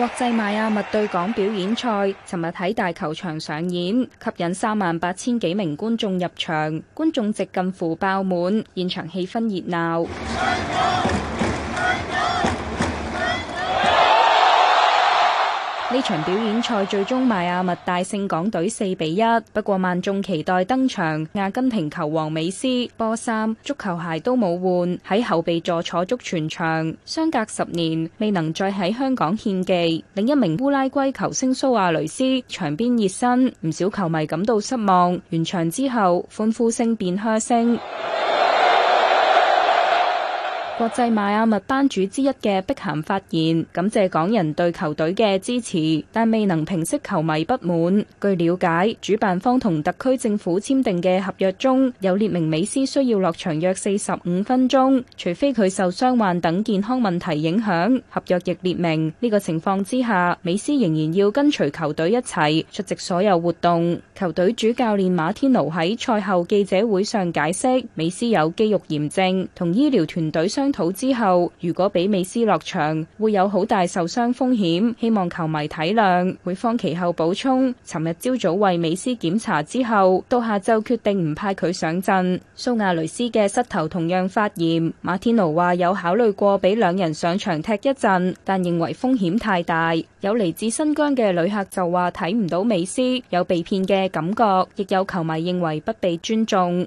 國際邁阿密對港表演賽，尋日喺大球場上演，吸引三萬八千幾名觀眾入場，觀眾席近乎爆滿，現場氣氛熱鬧。 呢場表演賽最終邁阿密大勝港隊四比一，不過萬眾期待登場阿根廷球王美斯波衫足球鞋都冇換喺後備座坐足全場，相隔十年未能再喺香港獻技。另一名烏拉圭球星蘇亞雷斯場邊熱身，唔少球迷感到失望。完場之後，歡呼聲變噓聲。國際邁阿密班主之一嘅碧咸發言，感謝港人對球隊嘅支持，但未能平息球迷不滿。據了解，主辦方同特區政府簽訂嘅合約中有列明美斯需要落場約四十五分鐘，除非佢受傷患等健康問題影響。合約亦列明呢、這個情況之下，美斯仍然要跟隨球隊一齊出席所有活動。球隊主教練馬天奴喺賽後記者會上解釋，美斯有肌肉炎症，同醫療團隊相。土之後，如果俾美斯落場，會有好大受傷風險，希望球迷體諒，會放其後補充。尋日朝早為美斯檢查之後，到下晝決定唔派佢上陣。蘇亞雷斯嘅膝頭同樣發炎，馬天奴話有考慮過俾兩人上場踢一陣，但認為風險太大。有嚟自新疆嘅旅客就話睇唔到美斯，有被騙嘅感覺，亦有球迷認為不被尊重。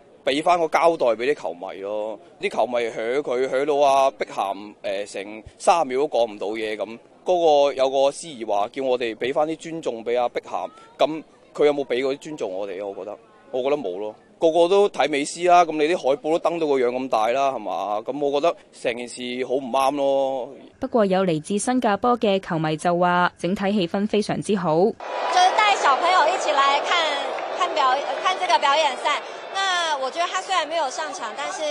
俾翻個交代俾啲球迷咯，啲球迷喺佢喺到阿碧咸誒成三十秒都講唔到嘢咁，嗰個有個司儀話叫我哋俾翻啲尊重俾阿碧咸，咁佢有冇俾嗰啲尊重我哋啊？我覺得，我覺得冇咯，個個都睇美斯啦，咁你啲海報都登到個樣咁大啦，係嘛？咁我覺得成件事好唔啱咯。不過有嚟自新加坡嘅球迷就話，整體氣氛非常之好。就帶小朋友一起嚟看看表看這個表演賽。我覺得他雖然沒有上場，但是，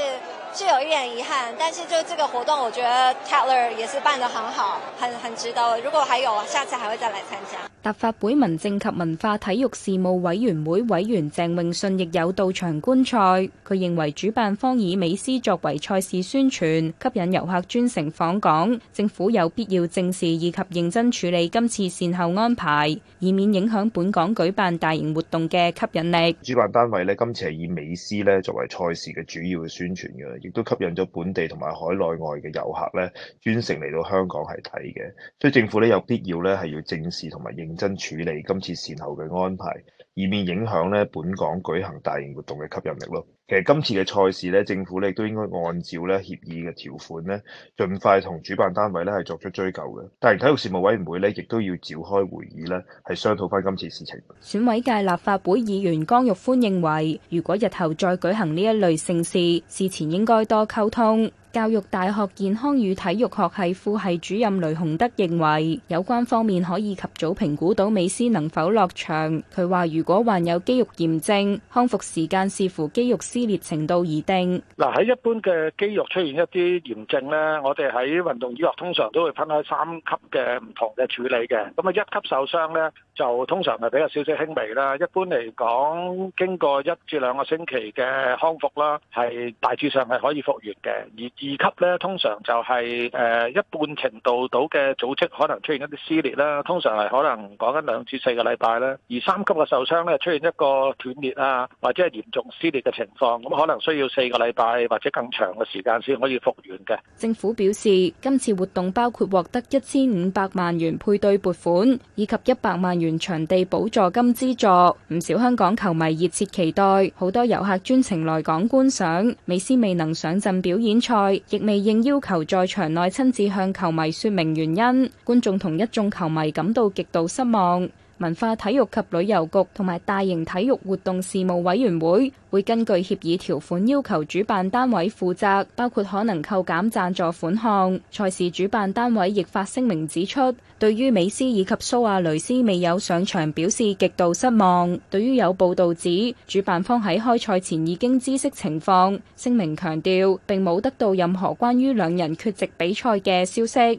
是有一點遺憾，但是就這個活動，我覺得 Taylor 也是辦得很好，很很值得。如果還有下次，還會再來參加。立法會民政及文化體育事務委員會委員鄭永信亦有到場觀賽。佢認為主辦方以美斯作為賽事宣傳，吸引遊客專程訪港。政府有必要正視以及認真處理今次善後安排，以免影響本港舉辦大型活動嘅吸引力。主辦單位呢，今次係以美斯呢作為賽事嘅主要宣傳嘅。亦都吸引咗本地同埋海內外嘅遊客咧，專程嚟到香港係睇嘅，所以政府咧有必要咧係要正視同埋認真處理今次善後嘅安排，以免影響咧本港舉行大型活動嘅吸引力咯。其實今次嘅賽事咧，政府咧亦都應該按照咧協議嘅條款咧，盡快同主辦單位咧係作出追究嘅。但係，體育事務委員會咧亦都要召開會議咧，係商討翻今次事情。選委界立法會議員江玉歡認為，如果日後再舉行呢一類盛事，事前應該多溝通。教育大學健康與體育學系副系主任雷洪德認為，有關方面可以及早評估到美斯能否落場。佢話，如果患有肌肉炎症，康復時間視乎肌肉撕裂程度而定。嗱，喺一般嘅肌肉出現一啲炎症咧，我哋喺運動醫學通常都會分開三級嘅唔同嘅處理嘅。咁啊，一級受傷咧就通常係比較少少輕微啦。一般嚟講，經過一至兩個星期嘅康復啦，係大致上係可以復原嘅，而二級呢，通常就係誒一半程度到嘅組織可能出現一啲撕裂啦，通常係可能講緊兩至四個禮拜啦。而三級嘅受傷呢，出現一個斷裂啊，或者係嚴重撕裂嘅情況，咁可能需要四個禮拜或者更長嘅時間先可以復原嘅。政府表示，今次活動包括獲得一千五百萬元配對撥款，以及一百萬元場地補助金資助。唔少香港球迷熱切期待，好多遊客專程來港觀賞。美斯未能上陣表演賽，亦未應要求在場內親自向球迷說明原因，觀眾同一眾球迷感到極度失望。文化體育及旅遊局同埋大型體育活動事務委員會會根據協議條款要求主辦單位負責，包括可能扣減讚助款項。賽事主辦單位亦發聲明指出，對於美斯以及蘇亞雷斯未有上場表示極度失望。對於有報道指主辦方喺開賽前已經知悉情況，聲明強調並冇得到任何關於兩人缺席比賽嘅消息。